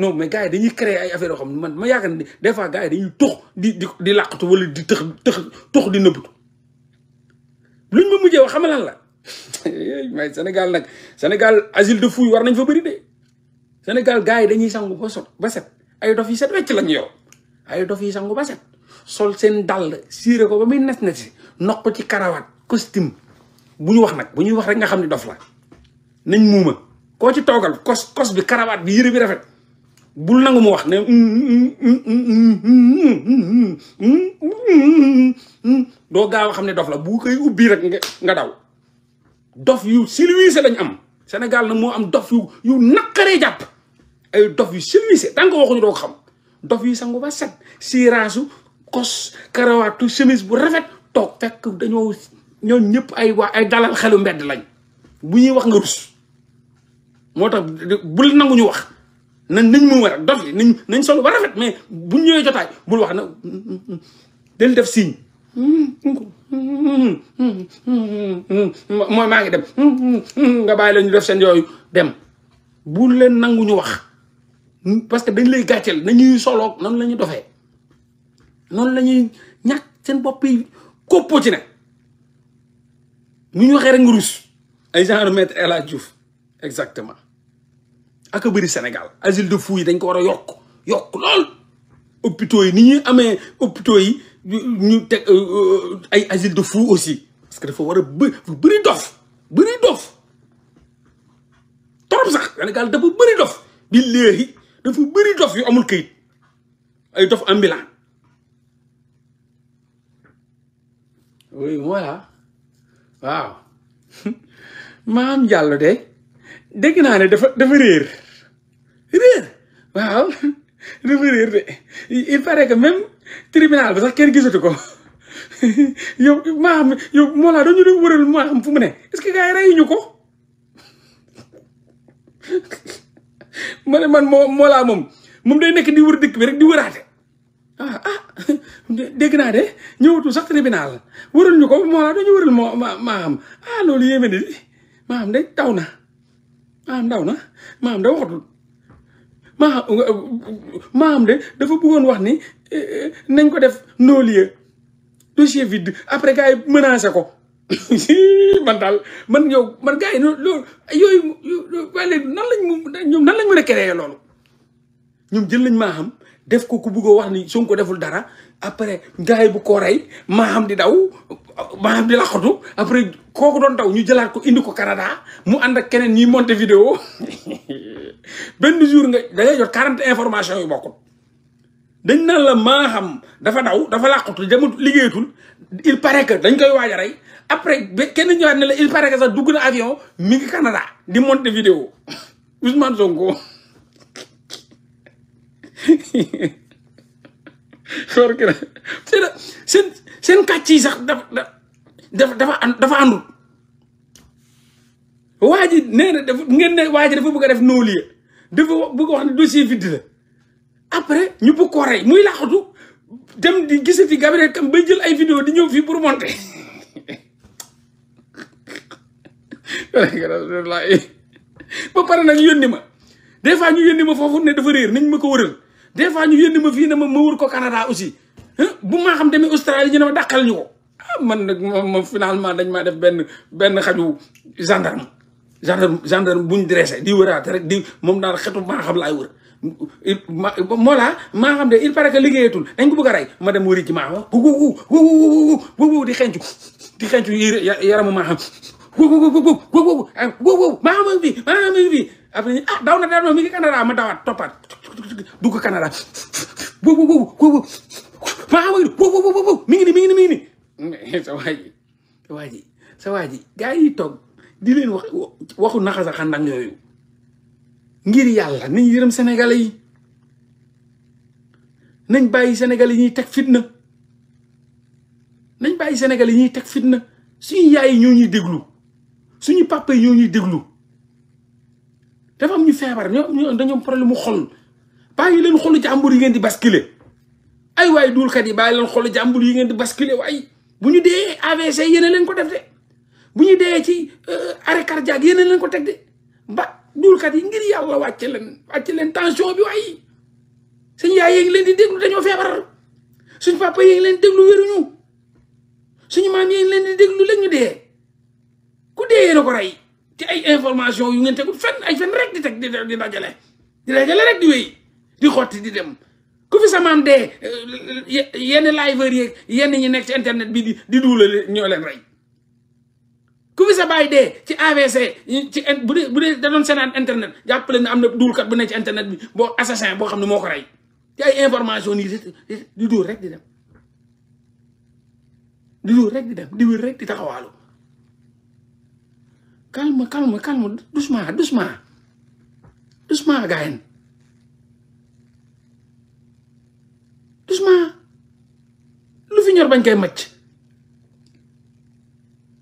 non mais gars yi dañuy créer ay affaire yoo xam ne man ma yaakaar ne des fois gars yi dañuy tux di di di làqatu wala di tëx tëx tux di nëbbatu luñ ma mujjee wax xamalan la may Sénégal nag Sénégal asile de fouille war nañ fa bëri de Sénégal gars yi dañuy sangu ba sot set ay dof yi set wecc lañ yow ay dof yi sangu ba set sol seen dàll siire ko ba muy nes si noq ci karawaat costume bu ñu wax nag bu ñuy wax rek nga xam ne dof la nañ muuma koo ci toogal kos kos bi karawaat bi rafet bul nangu mu wax ne doo gaaw a xam ne dof la bu koy ubbi rek nga daw dof yu silvisé lañ am Sénégal na moo am dof yu yu naqaree jàpp ay dof yu silvisé tant que waxuñu doo ko xam dof yi sangu ba set siiraasu kos karawaatu chemise bu rafet toog fekk dañoo ñoo ñëpp ay waa ay dalal xelu mbedd lañ bu ñuy wax nga rus moo tax bul nangu ñu wax nañ nañ mu war a dof nañ nañ solo ba rafet mais buñ ñëwee jotaay bul wax na del def signe mooy maa ngi dem nga bàyyi ñu def seen yooyu dem bul leen nangu ñu wax parce que dañ lay gàcceel nañuy soloog noonu la ñuy dofee noonu la ñuy ñàkk seen bopp yi koppoo ci ne ñu ñu waxee rek rus ay genre maître El Hadj Diouf exactement ak a bëri Sénégal asile de fou yi dañ ko war a yokk yokk lool hôpitaux yi ni ñuy amee hôpitaux yi ñu teg euh, euh, ay asile de fou aussi parce que dafa war a bë bëri dof bëri dof trop sax Sénégal dafa bëri dof bi léegi dafa bëri dof yu amul këyit ay dof ambulant oui voilà waaw maam Diallo de dégg naa ne dafa dafa réer réer waaw dafa réer de il paraît que même tribunal ba sax kenn gisatu ko yow maa xam yow moo laa dañu doon wëral mu ne est que gars yi reyuñu ko ma man moo moo moom moom day nekk di wër dëkk bi rek di wëraate ah ah dégg naa de ñëwatul sax tribunal wëral ñu ko moo laa dañu wëral moo maa xam ah loolu yéeme di maa de taw na maam ah, ndaw na maam da waxatul maam euh, euh, maam de dafa bëggoon wax ni euh, nañ ko def non lieu dossier vide après gars yi menacé ko man daal man yow man gars yi loolu yooyu waaye léegi nan lañ mu ñoom nan lañ mën a créer loolu ñoom jël lañ maa xam def ko ku bugg wax ni Sonko deful dara après gars yi bu ko rey maa di daw maa xam di laqatu après kooku doon daw ñu jëlaat ko indi ko Canada mu ànd ak keneen ñuy monter vidéo benn jour nga da ngay jot quarante information yu bokkut dañ naan la maa xam dafa daw dafa laqatu demut liggéeyatul il paraît que dañ koy waaja a rey après ba kenn ñëwaat ne la il paraît que sax dugg na avion mi ngi Canada di monter vidéo Ousmane Sonko. soor ki la seen seen kàcc yi sax dafa dafa dafa dafa àndul waa ji nee na dafa ngeen ne waa ji dafa bëgg a def non-lieu dafa bëgg wax ne dossier vide la après ñu bëgg koo rey muy laaxatu dem di gisati Gabriel Kane bay jël ay vidéo di ñëw fii pour monter ba pare nag yónni ma des fois ñu yónni ma foofu ne dafa réer nañ ma ko wëral des fois ñu yónni ma fii ne ma wër ko Canada aussi bu maa xam demee Australie ñu ne ma dàqal ñu ko ah man nag moom finalement dañ maa def benn benn xaju gendarme gendarme bu ñu dressé di wëraate rek di moom daal xetu maaxam xam laay wër moo laa maa xam de il paraît que liggéeyatul dañ ko bëgg a rey ma dem wëri ci maa xam gugu gugu di xencu di xencu yaramu maa xam gugu gugu gugu gugu maa xam bi maa xam bi après ñu ah daw na daw na mi ngi Canada ma dawaat toppaat dugg Canada boobu boobu boobu maa xam nga boobu boobu boobu mi ngi ni mi ngi ni mi ngi ni sa waa ji sa waa ji sa waa ji gars yi toog di leen wax waxu naxasa xandang yooyu ngir yàlla nañ yërëm sénégalais yi nañ bàyyi sénégalais yi ñuy teg fitna nañ bàyyi sénégalais yi ñuy teg fitna suñu yaay yi ñoo ñuy déglu suñu papa yi ñoo ñuy déglu dafa am ñu feebar ñoo dañoo am problème mu xol bàyyi leen xolu jàmbur yi ngeen di basculer ay waaye duulkat yi baa leen xolu jàmbur yi ngeen di basculer waaye bu ñu dee AVC yéen a leen ko def bu ñu dee ci euh, arrêt cardiaque yéen a leen ko teg de ba duulkat yi ngir yàlla wàcce leen wàcce leen tension bi waaye suñ yaay yee ngi leen di déglu dañoo feebar suñ papa yee ngi leen di déglu wéruñu suñu maam yee ngi leen di déglu lañu dee ku dee yéen a ko rey. te ay information yu ngeen tegul fenn ay fenn rek di teg di dajale di dajale rek di wéy di xotti di dem ku fi sa maam dee eh, yenn yenn ñi nekk ci bi di di duulale ñoo leen rey sa baay dee ci AVC ci bu dee bu dee da doon seenaan internet jàppale ne am na duulkat bu nekk ci internet bi boo assassin boo xam ne moo ko rey ay information nii di duul rek di dem di duul rek di dem di wér rek di taxawaalu calme calme calme doucement doucement doucement gaayen doucement lu fi ñor bañ koy macc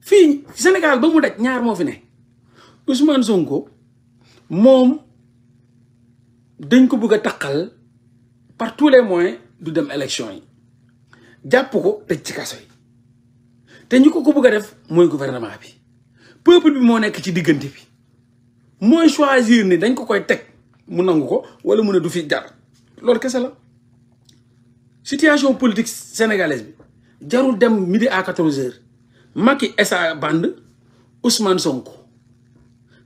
fii Sénégal ba mu daj ñaar moo fi ne Ousmane Sonko moom dañ ko bëgg a taqal par tous les moyens du dem élection yi jàpp ko tëj ci kaso yi te ñu ko ko bëgg a def mooy gouvernement bi peuple bi moo nekk ci diggante bi mooy choisir ni dañ ko koy teg mu nangu ko wala mu ne du fi jar loolu kese la situation politique sénégalaise bi jarul dem midi à quatorze heures Macky et sa bande Ousmane Sonko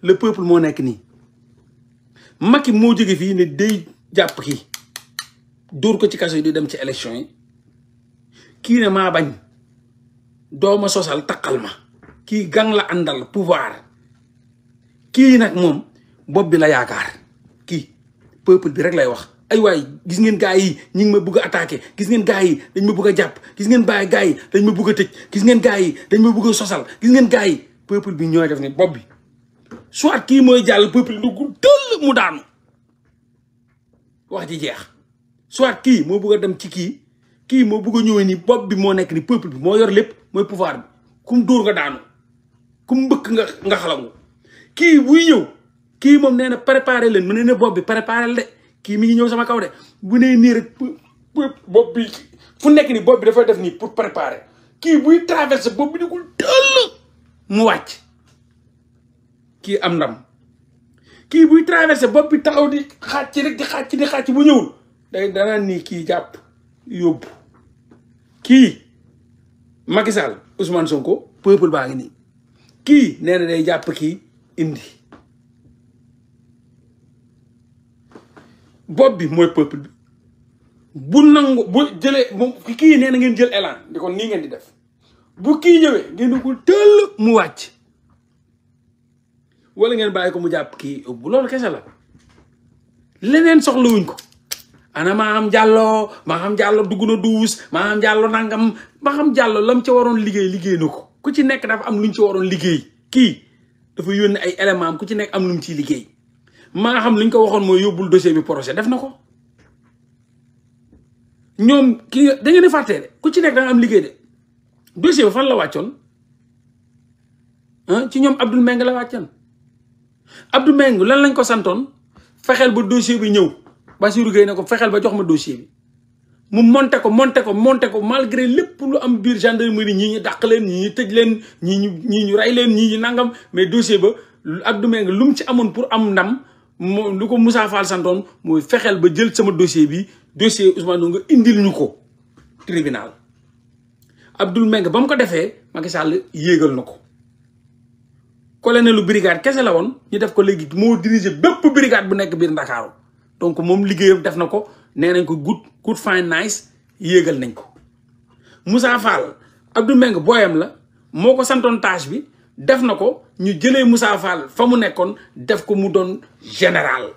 le peuple moo nekk nii Macky moo jóge fii ne day jàpp kii dóor ko ci kaso yi di dem ci élection yi kii ne maa bañ doo ma sosal takkal ma kii gan la àndal pouvoir kii nag moom bopp bi la yaakaar kii peuple bi rek lay wax ay waay gis ngeen gars yi ñi ngi ma bëgg a gis ngeen gars yi dañ ma bugg a jàpp gis ngeen bàyyi gars yi dañ ma bugg a tëj gis ngeen gars yi dañ ma bëgg a sosal gis ngeen gars yi peuple bi ñooy def ni bopp bi soit kii mooy jàll peuple du gu dëll mu daanu wax ji jeex soit kii moo bëgg a dem ci kii kii moo bëgg a ñëwee ni bopp bi moo nekk ni peuple bi moo yor lépp mooy pouvoir bi kum dóor nga daanu ku mbëkk nga nga kii buy ñëw kii moom nee na préparé leen mu ne ne bopp bi préparé kii mi ngi ñëw sama kaw de bu nee nii rek bopp bi fu nekk nii bopp bi dafay def nii pour préparer kii buy traversé bopp ko tëll mu wàcc kii am ndam kii buy traversé bopp bi taxaw di xàcc rek di xàcc di xàcc bu ñëwul day danaa nii kii jàpp yóbbu kii Macky Sall Ousmane Sonko peuple baa ngi nii kii nee na day jàpp kii indi bopp bi mooy peuple bu nangu bu jëlee bu kii nee na ngeen jël élan di kon nii ngeen di def bu kii ñëwee ngeen di ko tëll mu wàcc walla ngeen bàyyi ko mu jàpp kii bu loolu kese la leneen soxlawuñ ko ana maa am jàlloo maa am jàllo dugg na duus maa am jàllo nangam maa am jàllo lam ca waroon liggéey liggéey na ko ku ci nekk dafa am lu ñu ci waroon liggéey kii dafa yónni ay éléments am ku ci nekk am lu ñu ciy liggéey maa xam li ñu ko waxoon mooy yóbbul dossier bi projet def na ko ñoom kii da ngeen di fàtte de ku ci nekk da am liggéey de dossier bi fan la wàccoon ci ñoom Abdoul Meng la wàccoon Abdoul Meng lan lañ ko santoon fexeel ba dossier bi ñëw Bassirou Gueye ne ko fexeel ba jox ma dossier bi. mu monte ko monté ko monté ko malgré lépp lu am biir gendarmerie ñii ñu dàq leen ñii ñu tëj leen ñii ñu ñii ñu rey leen ñii ñu nangam mais dossier ba Abdou Mbengue lu mu ci amoon pour am ndam moo lu ko Moussa Fall santoon mooy fexeel ba jël sama dossier bi dossier Ousmane Sonko nga indil ñu ko tribunal Abdou Mbengue ba mu ko defee Macky Sall yéegal na ko colonel lu brigade kese la woon ñu def ko léegi moo dirigé bépp brigade bu nekk biir Ndakaaru donc moom liggéeyam def na ko nee nañ ko good good fine nice yéegal nañ ko Moussa Fall Abdou Meng booyam la moo ko santoon tâche bi def na ko ñu jëlee Moussa fa mu nekkoon def ko mu doon général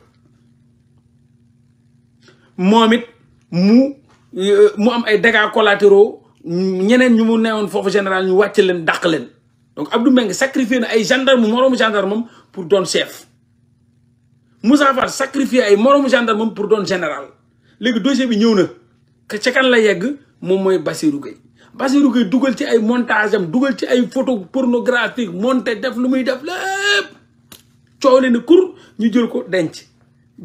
moom it mu euh, mu am ay dégâts collatéraux ñeneen ñu mu neewoon foofu général ñu wàcc leen dàq leen donc Abdou Mbengue sacrifié na ay gendarme moroomu gendarme moom pour doon chef Moussa Fall sacrifié ay moroomu gendarme moom pour doon général léegi dossier bi ñëw na ca kan la yegg moom mooy Bassirou Gueye Bassirou Gueye dugal ci ay montage am dugal ci ay photo pornographique monté def lu muy def lépp coow le ne kur ñu jël ko denc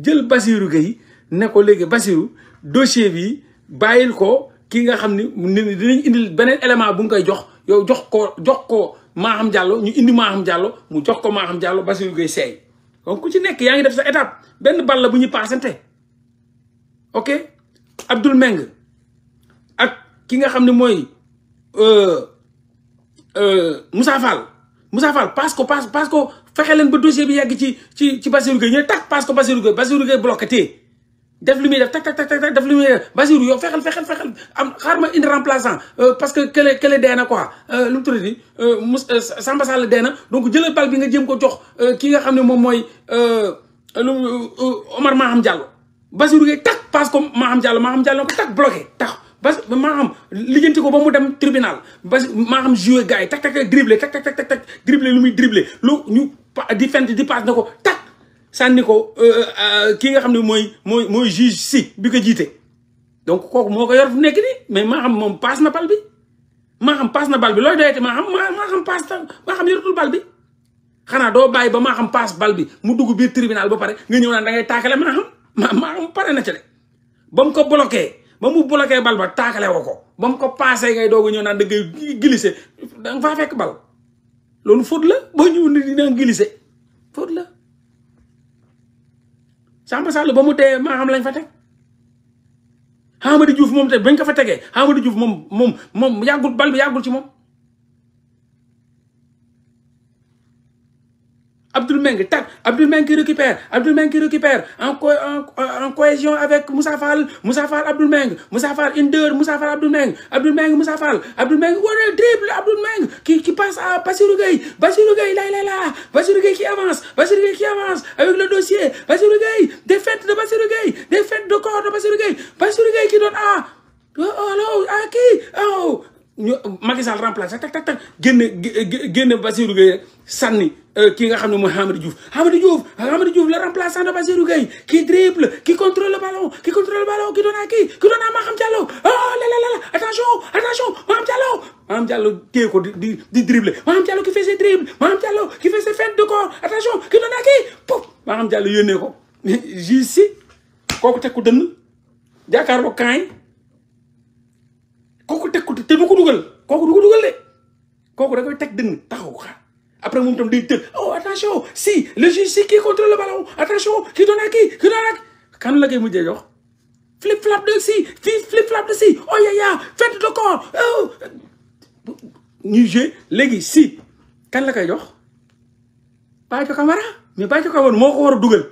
jël Bassirou Gueye ne ko léegi Bassirou dossier bi bàyyil ko ki nga xam ni dinañ indil beneen élément bu nga jox yow jox ko jox ko Maham Diallo ñu indi Maham Diallo mu jox ko Maham Diallo Bassirou Gueye seey donc ku ci nekk yaa ngi def sa étape benn bal la bu ñu paasante ok Abdoul Meng ak ki nga xam ne mooy euh, euh, Moussa Fall Moussa Fall parce que parce que fexe leen ba dossier bi yàgg ci ci ci Bassirou Gueye ñu ne tax parce que Bassirou Gueye Bassirou Gueye bloqué tee def lu muy def tak tak tak tak def lu muy def yoo yow fexel fexel fexel am xaar ma indi remplaçant euh, parce que kële kële dee na quoi lu mu tuddati Mous Samba Sall dee na donc jëlal bal bi nga jëm ko jox ki nga xam ne moom mooy lu Omar Maham Diallo. Bassirou Gueye tak passe comme Maham Diallo Maham Diallo ko tak bloqué tax bas Maham lijjanti ko ba mu dem tribunal bas Maham joué gars yi tak tak tak dribblé tak tak tak tak dribblé lu muy dribblé lu ñu di fent di passe na ko tak sànni ko euh, euh, kii nga xam ne mooy mooy mooy juge si bi ko jiite. donc kooku moo ko yor fu nekk nii mais Maham moom passe na bal bi Maham passe na bal bi looy doyati Maham Maham passe na xam yoratul bal bi xanaa doo bàyyi ba Maham passe bal bi mu dugg biir tribunal ba pare nga ñëw naan da ngay taakale Maham. ma ma pare na ca de ba mu ko bloqué ba mu bloqué bal ba taakale woo ko ba mu ko passé ngay doog a ñëw naan da ngay glissé da nga faa fekk bal loolu fóot la boo ñëw ni ñi da nga la. Samba Sall ba mu tee maa xam lañ fa teg Hamadi Diouf moom te bañ ko fa tegee Hamadi Diouf moom moom moom yàggul bal bi yàggul ci moom. Abdoul Meng, tac, Abdoul Meng qui récupère, en, cohésion avec Moussa Fall, Moussa Fall, Abdoul Meng, Moussa Fall, Inder, Moussa Fall, Abdoul Meng, Abdoul Meng, Moussa Fall, Abdoul Meng, voilà, dribble, Abdoul Meng, qui, qui passe à Bassirou Gueye, Bassirou Gueye, là, là, là, avance, Bassirou Gueye avance, avec le dossier, Bassirou de Bassirou Gueye, des de corps de Bassirou Gueye, Bassirou Gueye qui donne à, oh, oh, à qui, oh, Macky remplace, tac, tac, tac, tac, génne, génne sànni euh, ki nga xam ne mooy Hamadi Diouf Hamadi Diouf Hamadi Diouf le remplaçant de Bassirou Gueye qui dribble qui contrôle le ballon qui contrôle le ballon qui donne à qui qui donne à Maham Diallo oh là là là attention attention Maham Diallo Maham Diallo téye ko di di di dribble Maham Diallo qui fait ses dribbles Maham Diallo qui fait ses feintes de corps attention qui donne à qui pouf Maham Diallo yónnee ko ji si kooku teg ko dënn jàkkaarloo kaay kooku teg ko te du ko dugal kooku du ko dugal de kooku da koy teg dënn taxaw xaar après moom itam day tëj oh attention si le juge si qui contrôle le attention qui donne à qui qui kan la koy mujjee jox flip flap de si fii flip flap de si oh ya ya fête de corps ñuy oh. léegi si kan la koy jox Badio Camara mais Badio Camara moo ko war a dugal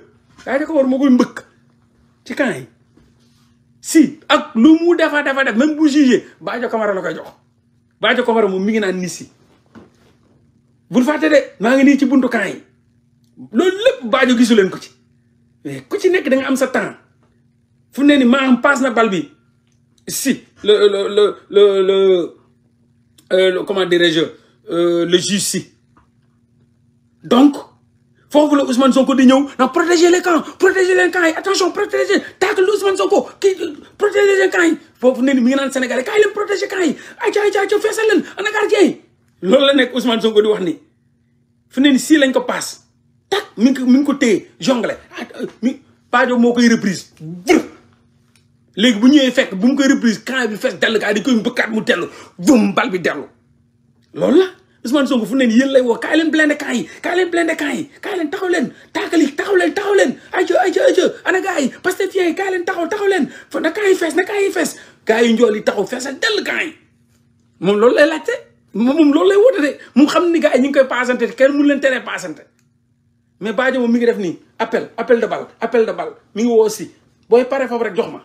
Badio Camara moo mbëkk ci kan yi si ak lu mu defa defa def même bu jugé Badio Camara la koy jox Badio Camara moom mi ngi naan ni si bul fàtte de maa ngi nii ci buntu camp yi loolu lépp baajo gisu leen ko ci mais ku ci nekk da am sa temps fu ne ni maa am na bal bi si le le le le le euh, comment dirais-je euh, le juge si donc foofu la Ousmane Sonko di ñëw na protéger les camps protéger les camps attention protéger tacle la Ousmane Sonko kii protéger les camps foofu ne ni mi ngi naan Sénégalais kaay leen protéger camps yi ayca ayca feesal leen ana gardien loolu la nekk Ousmane Sonko di wax nii fu sii lañ ko pas tak mi ngi ko mi ngi ko jongle ah, ah, mi Pajo moo koy reprise vr léegi bu ñëwee fekk bu mu koy reprise camp bi fes dell kaa di koy bëkkaat mu tellu vum bal bi dellu loolu la Ousmane Sonko fu ne nii yéen lay woo kaay leen blende camp yi kaay leen blende camp yi kaay leen taxaw leen taakali taxaw leen taxaw leen ayca ayca ayca ana gars yi pastefien kaay leen taxaw taxaw leen na camp yi fees na camp yi fees gars yi njool yi taxaw feesal dell camp yi moom loolu lay laajte moom loolu lay woote de mu xam ni gars yi ñu ngi koy paasante kenn mënu leen teree paasante mais Badio moom mi ngi def nii appel appel de balle appel de balle mi ngi woo si booy pare foofu rek jox ma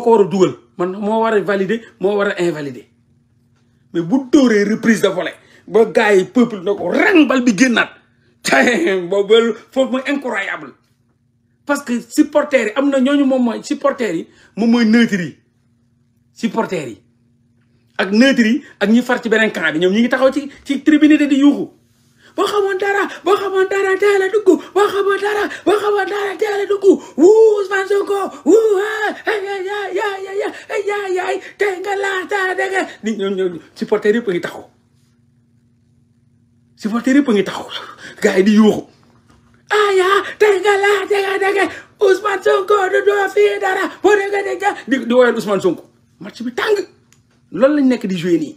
ko war a dugal man moo war a valider moo war a mais bu dóoree reprise de volée ba gars yi peuple na ko rang bal bi génnaat foofu mooy incroyable parce que supporters yi am na ñooñu moom mooy supporters yi moom mooy neutre yi supporters yi ak neutre yi ak ñi far ci beneen camp bi ñoom ñi ngi taxaw ci ci tribune di yuuxu boo xamoon dara boo xamoon dara teel a dugg boo xamoon dara boo xamoon dara teel a dugg wuu Ousmane Sonko wuu yaay ah, yaay yaay tey nga laata dégg nga ni ñoom ñoom supporter yëpp a ngi taxaw di yuuxu aya ah, tey nga laata dégg nga dégg nga Ousmane Sonko doo fii dara boo dégg nga di di woyal Ousmane Sonko match bi tàng loolu lañ nekk di joué nii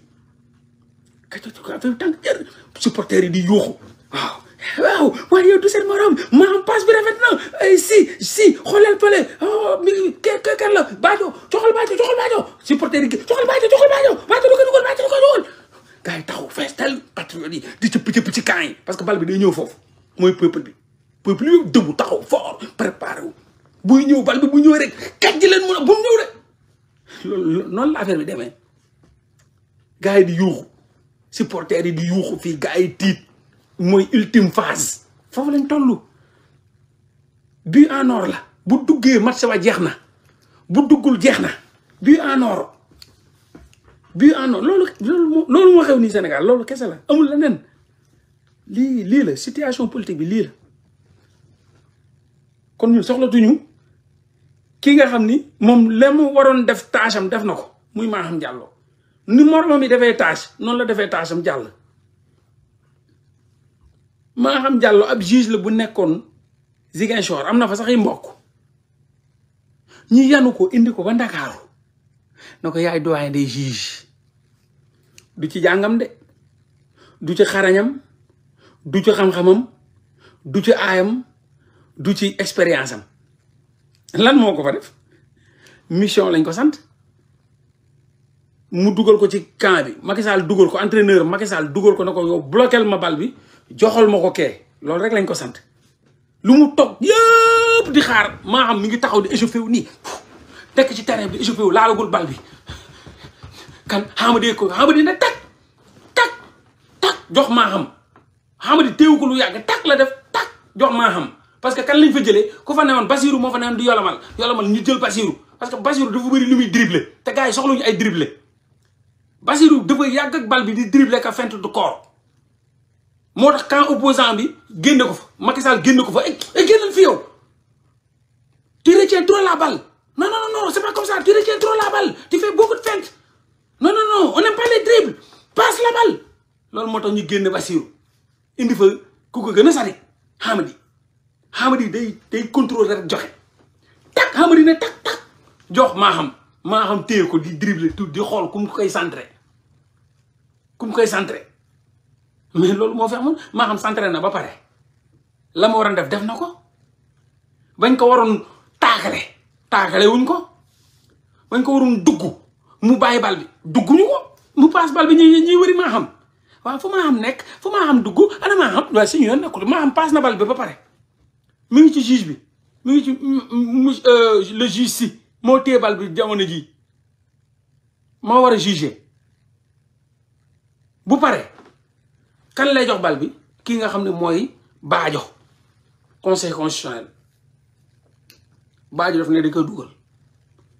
tànk jër supporters yi di yuuxu waaw waaw waaye yow du seen morom maam passe bi rafet na ay eh, si si xoolal fële oh, mi ke kan la baajo joxal baajo joxal baajo supporters yi joxal baajo joxal baajo baajo du ko dugal baajo du ko dugal gars yi taxaw fees tel patriote yi di cëpp cëpp ci camp yi parce que bal bi day ñëw foofu mooy peuple bi peuple bi yëpp dëggu taxaw fort préparé wu buy ñëw bal bi bu ñëw rek kaj ji leen mun a bu mu ñëw rek loolu noonu la affaire bi demee gars yi di yuuxu supporters yi di yuuxu fii gars yi tiit mooy ultime phase foofu lañ toll but en or la bu duggee mat wa jeex na bu duggul jeex na but en or but en loolu moo xew nii Sénégal loolu kese la amul leneen lii lii la situation politique bi lii la kon ñun soxlatuñu kii nga xam ni moom la mu waroon def tâche def na ko muy Maham Diallo ni moromam yi defee tâche noonu la defee tâche am jàll maa xam jàll ab juge la bu nekkoon Ziguinchor am na fa sax yi mbokk ñu yanu ko indi ko ba Ndakaaru na ko yaay doyen des juges du ci jàngam de du ci xarañam du ci xam-xamam du ci aayam du ci expérience am lan moo ko fa def mission lañ ko sant mu dugal ko ci camp bi Macky dugal ko entraîneur Macky Sall dugal ko na ko yow bloqueel ma bal bi joxal ma ko kee loolu rek lañ ko sant lu mu toog yëpp di xaar maaxam mu ngi taxaw di échauffé wu nii tekk ci terrain bi wu laalagul bal bi kan xamadee ko xamadee ne tak tak tak jox maa xam xamadi téewu ko lu yàgg tak la def tak jox maa xam parce que kan lañ fa jëlee ku fa newoon Basirou moo fa newoon di yolamal yolamal ñu jël Basirou parce que Basirou dafa bëri lu muy dribblé te gars yi soxla ñu ay dribblé basiiru dafa yàgg ak bal bi di dribble ka feinte du corps moo tax camp opposant bi génne ko fa Macky Sall génne ko fa et eh, eh, génnal fi yow tu retiens trop la balle non non non c'est pas comme ça tu retiens trop la balle tu fais beaucoup de feintes non non non on n'aime pas la balle loolu moo tax ñu génne Bassirou indi fa ku ko gën a sari Hamadi Hamadi day day contrôle rek joxe tak Hamadi ne tak tak jox maa xam maa xam téye ko di dribble tout di xool ku mu koy centré ku mu koy centré mais loolu moo fi amoon maa xam na ba pare la ma waroon def def na ko bañ ko waroon taakale taakale wuñ ko bañ ko waroon dugg mu bàyyi bal bi dugguñu ko mu paas bal bi ñuy ñuy wëri maa xam waaw fu maa xam nekk fu maa xam dugg ana maa xam waaye nekkul maa xam paas na bal bi ba pare mi ngi ci juge bi mi ngi ci mm, mm, euh, le juge moo téebal bi jamono ji moo war a juger bu pare kan lay jox bal bi kii nga xam ne mooy baajo conseil constitutionnel baajo daf ne dañ koy dugal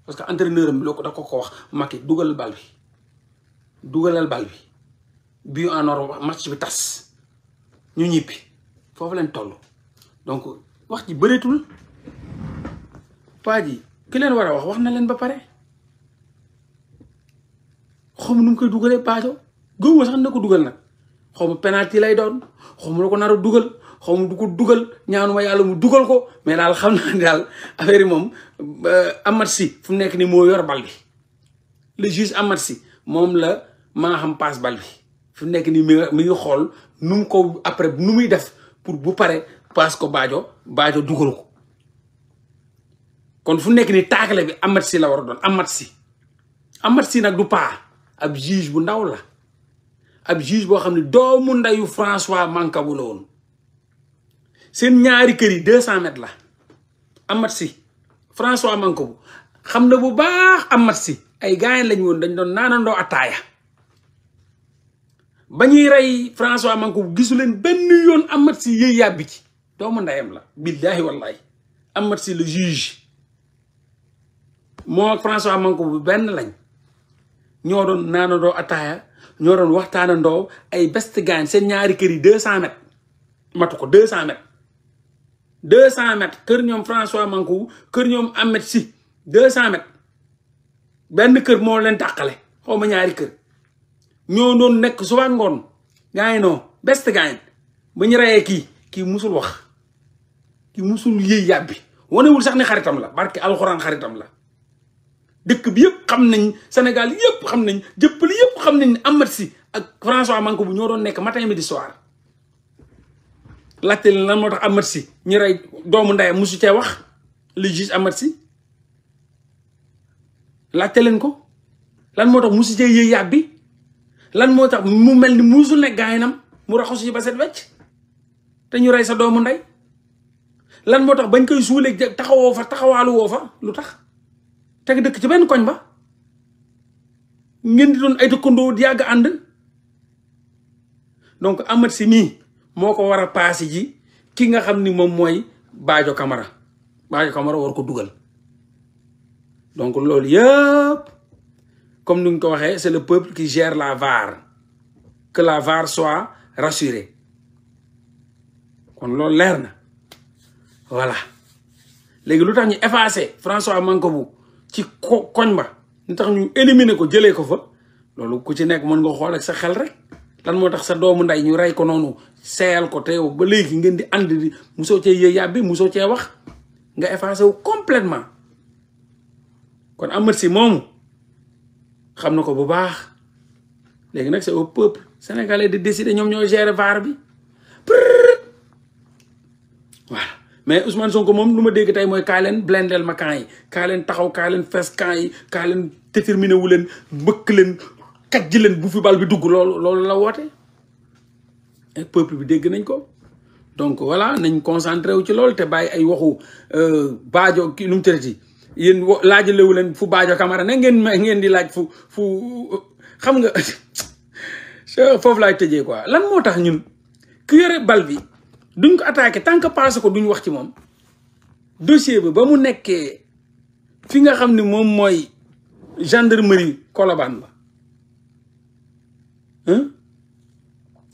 parce que entraîneur am bi loo ko da ko ko wax Macky dugalal bal bi dugalal bal bi bu en or match bi tas ñu ñibbi foofu leen toll donc wax ji bëreetul waa ji ki leen war a wax wax na leen ba pare xaw ma nu koy dugalee Pathio gëwuma sax na ko dugal na xaw ma penalty lay doon xaw ma na ko nar a dugal xaw ma du ko dugal ñaanuma yàlla mu dugal ko mais daal xam naa ne daal affaire yi moom euh, Amath Sy fu nekk nii moo yor bal bi le juge Amath moom la maa xam passe bal bi fu mu nekk nii mi ngi xool nu mu ko après nu muy def pour bu pare passe ko baajo baajo dugal ko. kon fu nekk ni taakale bi amat si la war doon amat si amat si nag du paa ab juge bu ndaw la ab juge boo xam ne doomu ndeyu François Mancabou la woon seen ñaari kër yi deux cent mètres la amat si François Mancabou xam na bu baax amat si ay gaayen lañ woon dañ doon naanandoo attaaya ba ñuy rey François bu gisu leen benn yoon amat si yàbbi ci doomu ndeyam la billaahi wallaahi amat si le juge moo ak François Mancabou benn lañ ñoo doon naanandoo ataaya ñoo doon ndoo ay best gaañ seen ñaari kër yi deux cent mètres matu ko deux cent mètres deux cent mètres kër ñoom François Mancabou kër ñoom Ahmed Sy deux cent mètres benn kër moo leen tàqale xaw ma ñaari kër ñoo doon nekk suba ngoon gaañ noo best gaañ ba ñu reyee kii kii musul wax kii musul yëy yàbbi wanewul sax ne xaritam la barke alxuraan xaritam la dëkk bi yëpp xam nañ Sénégal yëpp xam nañ jëppali yëpp xam nañ Amath Sy ak François bu ñoo doon nekk matin midi soir laajte leen lan moo tax Amath Sy ñu rey doomu ndeyam musu cee wax le juge Amath Sy laajte ko lan moo tax musu cee bi lan moo tax mu mel ni musul nekk gaayinam mu raxasu ci ba set wecc te ñu rey sa doomu ndey lan moo tax bañ koy suulee taxawoo fa taxawaalu woo fa lu tax te nga dëkk ci benn koñ ba ngeen di doon ay dëkkandoo di yàgg ànd donc amat si mii moo ko war a paase ji ki nga xam ni moom mooy baajo Camara Badio Camara war ko dugal donc loolu yëpp comme ni nga ko waxee c'est le peuple qui gère la VAR que la VAR soit rassurée kon loolu leer na voilà léegi lu tax ñu effacé ko Mancabou ci ko koñ ba ñu tax ñu éliminer ko jëlee ko fa loolu ku ci nekk mën nga xool ak sa xel rek lan moo tax sa doomu nday ñu rey ko noonu seeyal ko te yow ba léegi ngeen di ànd di musoo cee yëy yàbbi musoo cee wax nga effacé wu complètement kon Ahmed Sy moomu xam na ko bu baax léegi nag sa au peuple sénégalais de décider ñoom ñoo gérer VAR bi mais Ousmane Sonko moom lu ma dégg tey mooy kaa leen blendeel ma camp yi kaa leen taxaw kaa leen fees camp yi kaa leen déterminé wu leen bëkk leen kaj ji leen bu fi bal bi dugg loolu loolu la woote peuple bi dégg nañ ko donc voilà nañ concentré wu ci loolu te bàyyi ay waxu euh, baajo ki nu mu tërati yéen laajalewu leen fu baajo Camara ne ngeen ngeen di laaj fu fu xam nga foofu laay tëjee quoi lan moo tax ñun ku yore bal bi duñ ko attaqué tant que passé ko duñ wax ci moom dossier bi ba mu nekkee fi nga xam ni moom mooy gendarmerie Colobane la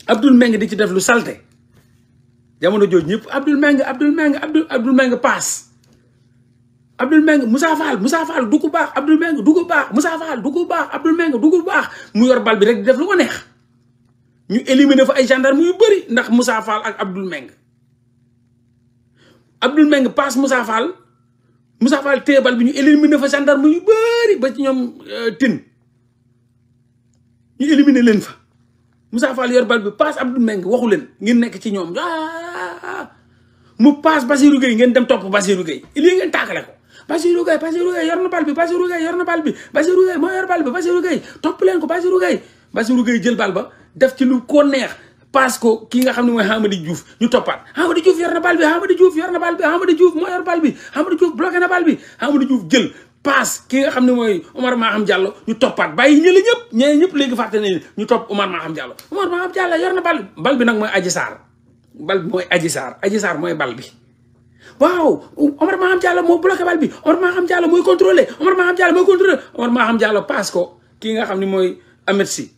Abdoul Mbengue di ci def lu salte jamono jooju ñëpp Abdoul Mbengue Abdoul Mbengue Abdoul Abdoul Mbengue paas Abdoul Mbengue Moussa Fall Moussa Fall du ko baax Abdoul meng du ku baax Moussa Fall du ko baax Abdoul Mbengue du ko baax mu yor bal bi rek di def lu ko neex ñu élimine fa ay gendarme yu bëri ndax Moussa Fall ak Abdoul Meng Abdoul Meng passe Moussa Fall Moussa Fall téebal bi ñu éliminer fa gendarme yu bëri ba ci ñoom euh, tin ñu éliminer leen fa Moussa Fall yor bal bi passe Abdoul Meng waxu leen ngeen nekk ci ñoom ah, mu passe Basirou Gueye ngeen dem topp Basirou Gueye lii ngeen tàggale ko Basirou Gueye Basirou Gueye yor na bal bi Basirou Gueye yor yor bal bi Basirou Gueye topp leen ko Basirou Gueye Basirou Gueye jël bal ba def ci lu ko neex parce que kii nga xam ne mooy Hamadi Diouf ñu toppaat Hamadi Diouf yor na bal bi Hamadi Diouf yor bi Hamadi Diouf moo yor jël paas ki nga xam ne mooy Omar Maham Diallo ñu toppaat bàyyi ñële ñëpp ñeneen ñëpp léegi fàtte nañu ñu topp Omar Maham Diallo Omar Maham Diallo yor na bal bal bi nag mooy Adji Sarr bal bi mooy Adji Sarr Adji Sarr mooy bal bi waaw Omar Maham Diallo moo bloqué bal bi Omar Maham Diallo mooy contrôlé Omar Maham Diallo mooy contrôlé Omar Maham ko ki nga xam ne mooy Ahmed Sy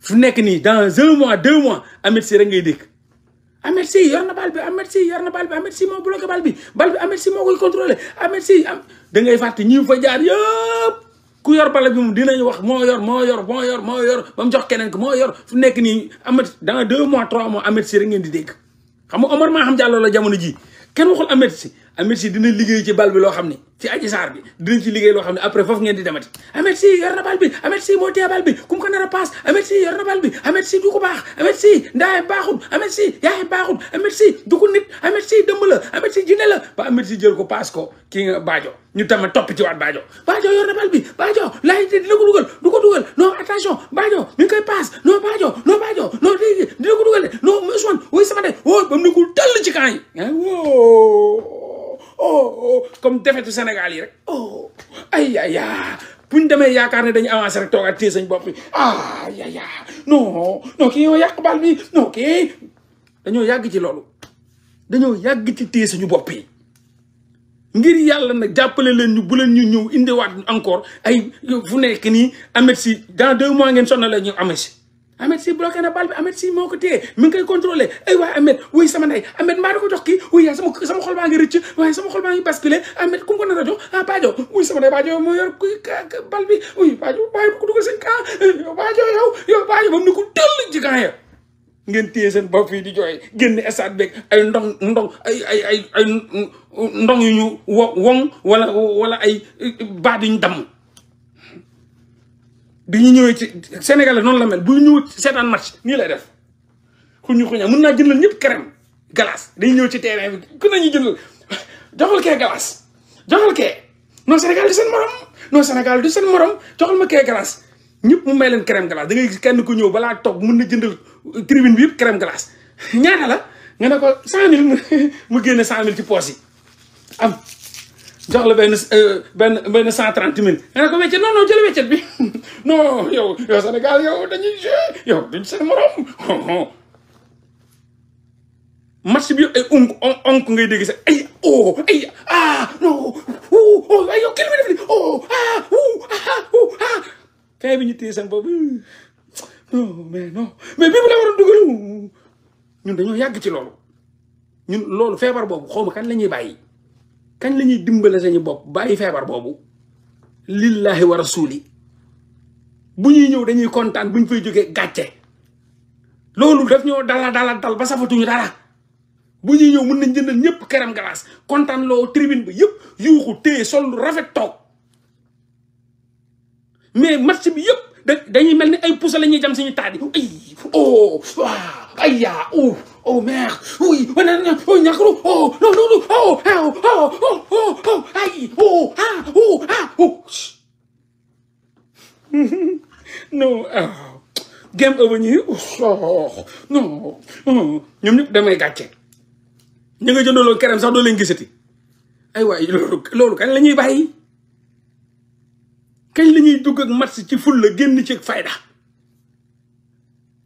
fu nekk nii dans un mois deux mois Ahmed Sy rek ngay dégg Ahmed Sy yor na bal bi Ahmed Sy yor na bal bi Ahmed Sy moo bloqué bal bi bal bi Ahmed Sy moo koy contrôlé Ahmed Sy am da ngay fàtte ñi fa jaar yëpp ku yor bal bi moom dinañ wax moo yor moo yor moo yor moo yor ba mu jox keneen ko moo yor fu nekk nii Ahmed dans deux mois trois mois Ahmed Sy rek ngeen di dégg xam nga Omar maa xam jàlloo la jamono jii kenn waxul Ahmed Sy Ahmed Sy dina liggéey ci bal loo xam ni ci Adji Sarr bi dinañ ci liggéey loo xam ne après foofu ngeen di demati Ahmed Sy yor na bal bi Ahmed Sy moo téye bal bi ku mu ko nar a paas nit Ahmed Sy dëmb la Ahmed Sy jinne la ba Ahmed Sy jël ko paas ko kii nga Badio ñu tamit topp ci waat Badio Badio yor na bal bi Badio dina ko dugal du ko dugal attention Badio mi ngi koy paas non Badio non Badio non dina ko dugal non Ousmane Oh, oh, oh comme defetu Sénégal yi rek oh ay ya buñ demee yaakaar ne dañu avancé rek toogaat téye sañ bopp bi ah ya ya non non kii yàq bal bi non kii dañoo yàgg ci loolu dañoo yàgg ci téye suñu bopp yi ngir yàlla nag jàppale leen ñu bu leen ñu ñëw indiwaat encore ay fu nekk nii amet si dans deux mois ngeen sonna la ñu amet si Ahmed Sy bloqué na bal bi Ahmed Sy moo ko téye mi ngi koy contrôlé ay waay Ahmed wuy sama ndey Ahmed mbaa da ko jox kii wuy yaa sama sama xol baa ngi rëcc waaye sama xol baa ngi basculé Ahmed ku mu ko nar a jox ah Badio wuy sama ndey Badio moo yor bal bi wuy Badio Badio ko dugal seen camp Badio yow yow Badio ba mu ne ko tëll ci camp ya ngeen téye seen bopp yi di jooy génn stade beeg ay ndox ndox ay ay ay ay ndox yu ñu wo woŋ wala wala ay baat yu ñu damm dañuy ñëwee ci Sénégal noonu la mel bu ñu seetaan match nii lay def ku ku xuña mun naa jëndal ñëpp crème galaas dañuy ñëw ci terrain bi ku ñu jëndal joxal ke glace joxal kee non Sénégal du seen morom non Sénégal du seen morom joxal ma kee glace ñëpp mu may leen crème glace da ngay gis kenn ku ñëw balaa toog mën na jëndal tribune bi yëpp crème glace ñaata la nga ne ko cent mille mu génne cent mille ci poos yi jox la benn euh, benn benn cent trente mille nga ne ko weccet non non jël bi non yow yow Sénégal yow dañuy yow duñ seen morom match bi ay onk onk ngay dégg sax ay oh ay ah, non oh ay yow kenn mi oh, ah, ah, bi ñu téye seen bopp non mais non mais bii bu la waroon dugal ñun dañoo yàgg ci loolu ñun loolu feebar boobu xaw ma kan la ñuy bàyyi. kañ lañuy ñuy dimbale sañu bopp bàyyi feebar boobu lillahi wa rasuli bu ñuy ñëw dañuy kontaan bu ñu fay jógee gàcce loolu daf ñoo dala dala dal ba safatuñu dara bu ñuy ñëw mën nañ jëndal ñëpp kerem glace kontaan loo tribune bi yëpp yuuxu téye sol lu rafet toog mais match bi yëpp dañuy mel ni ay pusa la ñuy jam suñu taat yi ay oh waaw ay oh. Oh merde, oui, oh non, non, oh non, oh non, non, oh, oh, oh, oh, oh, oh, oh, aïe, oh, ah, oh, ah, oh. non, ah, game over ñu, oh, oh, non, ñoom ñëpp damay ñu nga jëndaloo kerem sax doo leen gisati. ay waay loolu loolu kañ la ñuy bàyyi kañ la ñuy dugg ak ci ful la génn ci fayda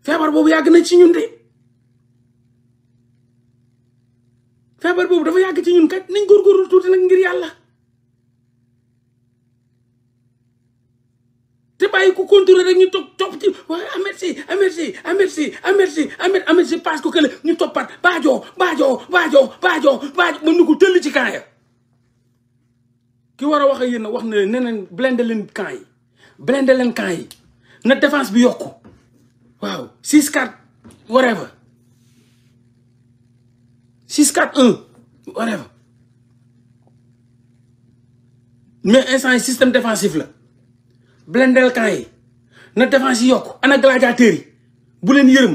feebar boobu yàgg na ci ñun feebar boobu dafa yàgg ci ñun kat nañ góorgóorlu tuuti nag ngir yàlla te bàyyi ko contrôler rek ñu toog topp ci waaye amet si amet si amet si amet si amet amet si parce que kële ñu toppat baajoo baajoo baajoo baajoo baaj mën na ko tëll ci camp ya ki war a wax ak yéen wax na leen neneen blende leen camp yi blende leen camp yi na défense bi yokku waaw six quatre whatever 641 quatre mais instant yi système défensif la blendel camp yi na défense yi yokk ana gladiateurs yi bu leen yërëm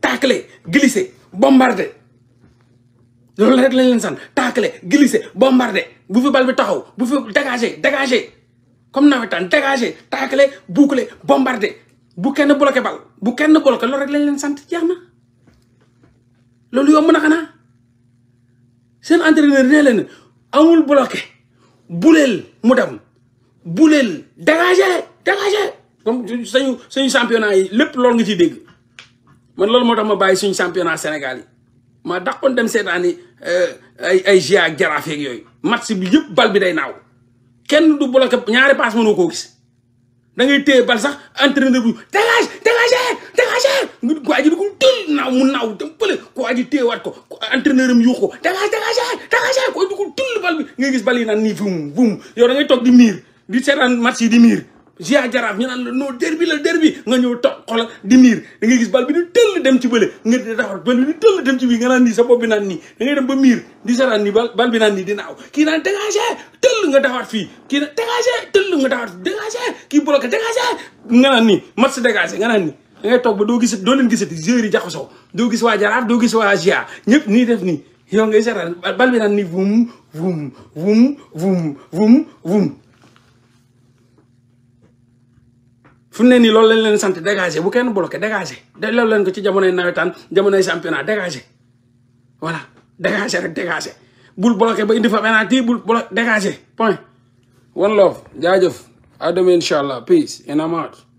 tacler glisser bombarder loolu rek lañ leen sant tacler glisser bombarder bu fi bal bi taxaw bu fi dégager dégager comme nawetaan dégager tacler boucler bombarder bu kenn bloqué bal bu kenn bloqué loolu rek lañ leen sant jeex na seen entraîneur nee leen amul bloqué buleel mu dem buleel dégagé dégagé comme suñu suñu championnat yi lépp loolu nga ciy dégg man loolu moo dam ma bàyyi suñu championnat Sénégal yi ma dàqoon dem seetaani euh, ay ay GIE ak jaraafeeg yooyu match bi yëpp bal bi day naaw kenn du bloqué ñaari paas mënoo koo gis. da ngay téye bal sax entraîneur bi dégage dégage dégage waa ji di ko dul mu naaw dem fële ko waa ji téyewaat yoko entraîneur am yuux ko dégage dégage dégage ko di ko dul bal bi ngay gis bal yi naan nii vum vum yow da ngay toog di miir di seetaan match yi di miir Gia Jaraaf ñu naan la non derbi la derbi nga ñëw toog xoolal di miir gis bal bi ni tëll dem ci bële nga defar bal bi ni tëll dem ci bii nga naan nii sa bopp bi naan nii da ngay dem bi naan nii di naaw kii naan dégagé tëll nga defaat fii kii naan dégagé tëll nga defaat fii dégagé kii bloqué dégagé nga naan nii match dégagé nga naan nii da doo gis doo leen gisati joueurs yi jaxasoo doo gis waa Jaraaf doo gis waa nii def nii yow ngay saraan bal bi naan nii vum vum vum vum vum vum fu ne nii loolu lañ leen sant dégagé bu kenn bloqué dégagé delloo leen ko ci jamonoy nawetaan jamonoy championnat dégagé voilà dégagé rek dégagé bul bloqué ba indi fa penalty bul bloqué dégagé point one love jaajëf à demain incha peace and I'm out